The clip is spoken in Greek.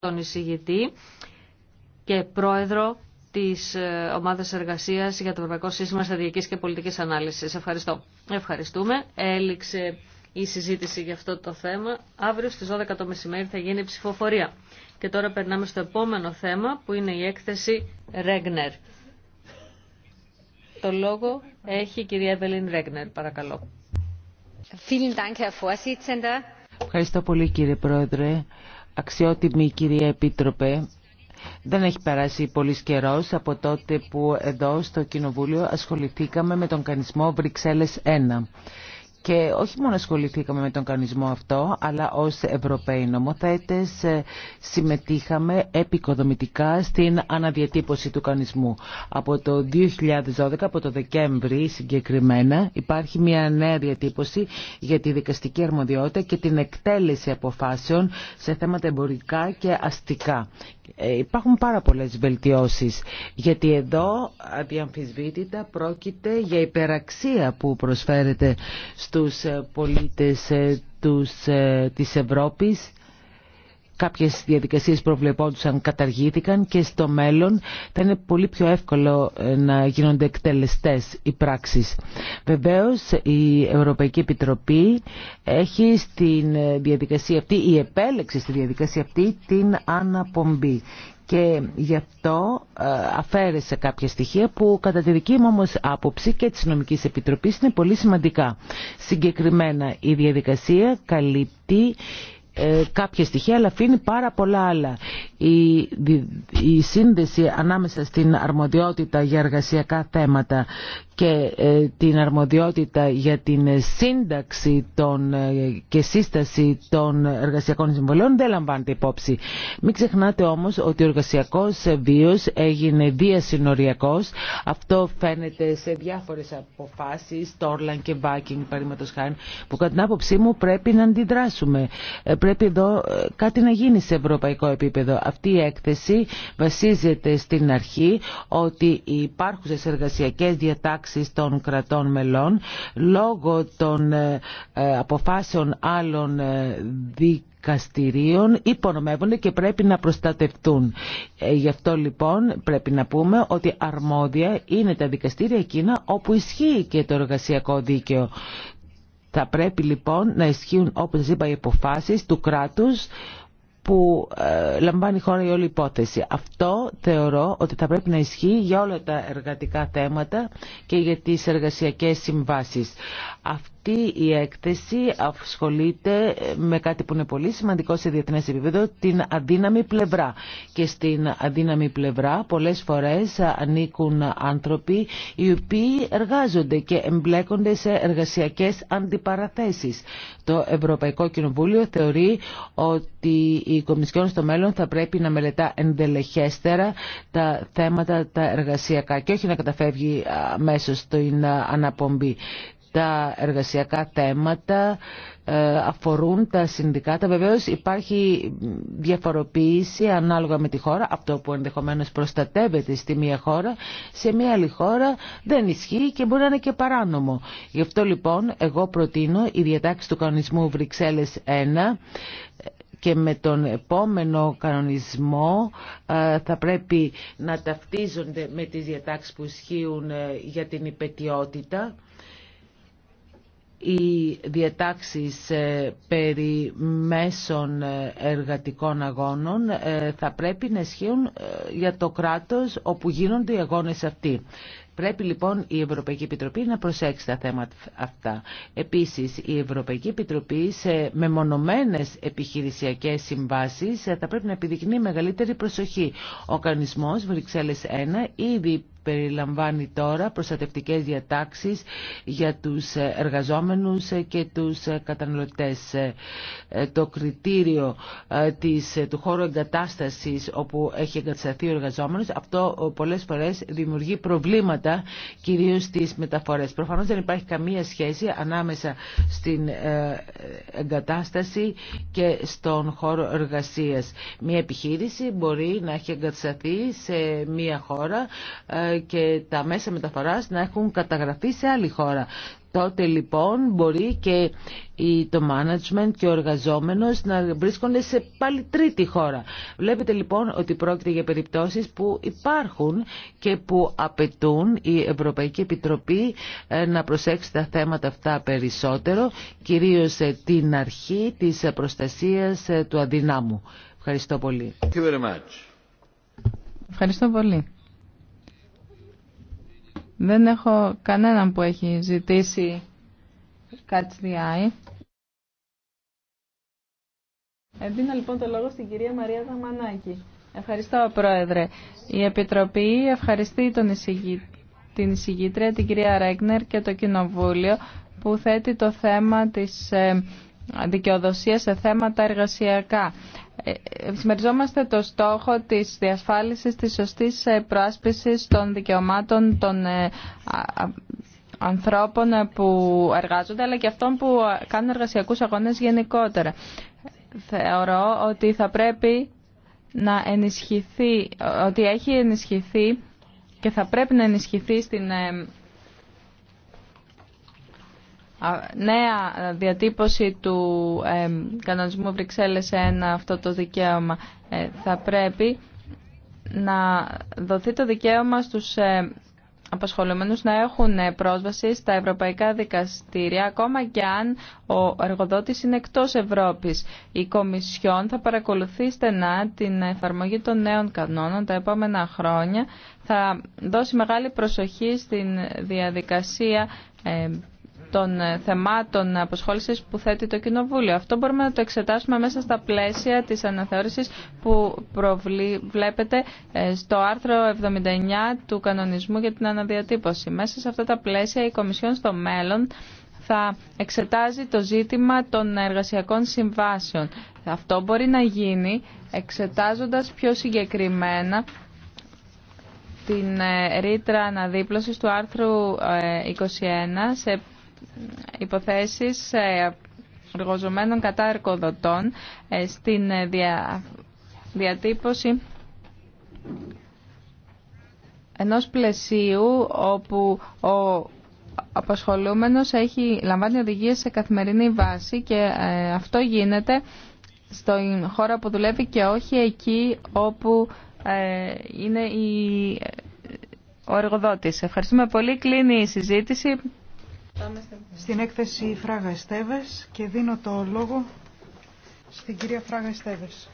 τον εισηγητή και πρόεδρο της ε, Ομάδας Εργασίας για το Ευρωπαϊκό Σύστημα Σταδιακής και Πολιτικής Ανάλυσης. Ευχαριστώ. Ευχαριστούμε. Έληξε η συζήτηση για αυτό το θέμα. Αύριο στις 12 το μεσημέρι θα γίνει η ψηφοφορία. Και τώρα περνάμε στο επόμενο θέμα που είναι η έκθεση Ρέγνερ. Το λόγο έχει η κυρία Εβελίν Ρέγνερ, παρακαλώ. Ευχαριστώ πολύ κύριε Πρόεδρε. Αξιότιμη κυρία Επίτροπε, δεν έχει περάσει πολύ καιρό από τότε που εδώ στο Κοινοβούλιο ασχοληθήκαμε με τον κανισμό Βρυξέλλες 1. Και όχι μόνο ασχοληθήκαμε με τον κανονισμό αυτό, αλλά ως Ευρωπαίοι νομοθέτες ε, συμμετείχαμε επικοδομητικά στην αναδιατύπωση του κανονισμού. Από το 2012, από το Δεκέμβρη συγκεκριμένα, υπάρχει μια νέα διατύπωση για τη δικαστική αρμοδιότητα και την εκτέλεση αποφάσεων σε θέματα εμπορικά και αστικά. Ε, υπάρχουν πάρα πολλές βελτιώσεις, γιατί εδώ αδιαμφισβήτητα πρόκειται για υπεραξία που προσφέρεται στους ε, πολίτες ε, τους, της Ευρώπης κάποιες διαδικασίες προβλεπόντουσαν καταργήθηκαν και στο μέλλον θα είναι πολύ πιο εύκολο ε, να γίνονται εκτελεστές οι πράξεις. Βεβαίως η Ευρωπαϊκή Επιτροπή έχει στην ε, διαδικασία αυτή, η επέλεξη στη διαδικασία αυτή την αναπομπή και γι' αυτό ε, αφαίρεσε κάποια στοιχεία που κατά τη δική μου όμως άποψη και της Νομικής Επιτροπής είναι πολύ σημαντικά. Συγκεκριμένα η διαδικασία καλύπτει ε, κάποια στοιχεία αλλά αφήνει πάρα πολλά άλλα. Η, σύνδεση ανάμεσα στην αρμοδιότητα για εργασιακά θέματα και ε, την αρμοδιότητα για την σύνταξη των, ε, και σύσταση των εργασιακών συμβολών δεν λαμβάνεται υπόψη. Μην ξεχνάτε όμως ότι ο εργασιακός βίος έγινε διασυνοριακός. Αυτό φαίνεται σε διάφορες αποφάσεις, Τόρλαν και Βάκινγκ, παραδείγματος χάρη, που κατά την άποψή μου πρέπει να αντιδράσουμε πρέπει εδώ ε, κάτι να γίνει σε ευρωπαϊκό επίπεδο. Αυτή η έκθεση βασίζεται στην αρχή ότι οι υπάρχουσες εργασιακές διατάξεις των κρατών μελών λόγω των ε, ε, αποφάσεων άλλων δικαστηρίων υπονομεύονται και πρέπει να προστατευτούν. γι' αυτό λοιπόν πρέπει να πούμε ότι αρμόδια είναι τα δικαστήρια εκείνα όπου ισχύει και το εργασιακό δίκαιο. Θα πρέπει λοιπόν να ισχύουν όπως είπα οι αποφάσεις του κράτους που ε, λαμβάνει η χώρα η όλη υπόθεση. Αυτό θεωρώ ότι θα πρέπει να ισχύει για όλα τα εργατικά θέματα και για τις εργασιακές συμβάσεις η έκθεση ασχολείται με κάτι που είναι πολύ σημαντικό σε διεθνές επίπεδο, την αδύναμη πλευρά. Και στην αδύναμη πλευρά πολλές φορές ανήκουν άνθρωποι οι οποίοι εργάζονται και εμπλέκονται σε εργασιακές αντιπαραθέσεις. Το Ευρωπαϊκό Κοινοβούλιο θεωρεί ότι η Κομισιόν στο μέλλον θα πρέπει να μελετά εντελεχέστερα τα θέματα τα εργασιακά και όχι να καταφεύγει μέσω στην αναπομπή τα εργασιακά θέματα ε, αφορούν τα συνδικάτα. Βεβαίως υπάρχει διαφοροποίηση ανάλογα με τη χώρα, αυτό που ενδεχομένως προστατεύεται στη μία χώρα, σε μία άλλη χώρα δεν ισχύει και μπορεί να είναι και παράνομο. Γι' αυτό λοιπόν εγώ προτείνω η διατάξη του κανονισμού Βρυξέλλες 1 και με τον επόμενο κανονισμό ε, θα πρέπει να ταυτίζονται με τις διατάξεις που ισχύουν ε, για την υπετιότητα οι διατάξεις ε, περί μέσων ε, εργατικών αγώνων ε, θα πρέπει να ισχύουν για το κράτος όπου γίνονται οι αγώνες αυτοί. Πρέπει λοιπόν η Ευρωπαϊκή Επιτροπή να προσέξει τα θέματα αυτά. Επίσης η Ευρωπαϊκή Επιτροπή σε μεμονωμένες επιχειρησιακές συμβάσεις θα πρέπει να επιδεικνύει μεγαλύτερη προσοχή. Ο κανονισμός Βρυξέλλες 1 ήδη περιλαμβάνει τώρα προστατευτικές διατάξεις για τους εργαζόμενους και τους καταναλωτές. Ε, το κριτήριο ε, της, ε, του χώρου εγκατάστασης όπου έχει εγκατασταθεί ο εργαζόμενος, αυτό πολλές φορές δημιουργεί προβλήματα κυρίως στις μεταφορές. Προφανώς δεν υπάρχει καμία σχέση ανάμεσα στην εγκατάσταση και στον χώρο εργασίας. Μια επιχείρηση μπορεί να έχει εγκατασταθεί σε μια χώρα και τα μέσα μεταφοράς να έχουν καταγραφεί σε άλλη χώρα. Τότε λοιπόν μπορεί και το management και ο εργαζόμενος να βρίσκονται σε πάλι τρίτη χώρα. Βλέπετε λοιπόν ότι πρόκειται για περιπτώσεις που υπάρχουν και που απαιτούν η Ευρωπαϊκή Επιτροπή ε, να προσέξει τα θέματα αυτά περισσότερο, κυρίως ε, την αρχή της προστασίας ε, του αδυνάμου. Ευχαριστώ πολύ. Ευχαριστώ πολύ. Δεν έχω κανέναν που έχει ζητήσει κάτι the Εντείνω λοιπόν το λόγο στην κυρία Μαρία Δαμανάκη. Ευχαριστώ Πρόεδρε. Η Επιτροπή ευχαριστεί τον την εισηγήτρια, την κυρία Ρέγνερ και το Κοινοβούλιο που θέτει το θέμα της ε, δικαιοδοσίας σε θέματα εργασιακά. Ε, ε, συμμεριζόμαστε το στόχο της διασφάλισης της σωστής ε, προάσπισης των δικαιωμάτων των ανθρώπων που εργάζονται, αλλά και αυτών που κάνουν εργασιακούς αγώνες γενικότερα. Θεωρώ ότι θα πρέπει να ενισχυθεί, ότι έχει ενισχυθεί και θα πρέπει να ενισχυθεί στην νέα διατύπωση του κανονισμού Βρυξέλλες ένα αυτό το δικαίωμα ε, θα πρέπει να δοθεί το δικαίωμα στους ε, απασχολουμένους να έχουν ε, πρόσβαση στα ευρωπαϊκά δικαστήρια ακόμα και αν ο εργοδότης είναι εκτός Ευρώπης. Η Κομισιόν θα παρακολουθεί στενά την εφαρμογή των νέων κανόνων τα επόμενα χρόνια. Θα δώσει μεγάλη προσοχή στην διαδικασία των ε, θεμάτων αποσχόληση που θέτει το Κοινοβούλιο. Αυτό μπορούμε να το εξετάσουμε μέσα στα πλαίσια τη αναθεώρηση που βλέπετε ε, στο άρθρο 79 του κανονισμού για την αναδιατύπωση. Μέσα σε αυτά τα πλαίσια η Κομισιόν στο μέλλον θα εξετάζει το ζήτημα των εργασιακών συμβάσεων. Αυτό μπορεί να γίνει εξετάζοντας πιο συγκεκριμένα την ε, ρήτρα αναδίπλωσης του άρθρου 21 σε υποθέσεις ε, εργοζομένων κατά εργοδοτών ε, στην ε, διατύπωση ενός πλαισίου όπου ο απασχολούμενος έχει, λαμβάνει οδηγίες σε καθημερινή βάση και αυτό γίνεται στον χώρο που δουλεύει και όχι εκεί όπου είναι η... ο εργοδότης. Ευχαριστούμε πολύ. Κλείνει η συζήτηση στην έκθεση Φράγα Εστέβες και δίνω το λόγο στην κυρία Φράγα Εστέβες.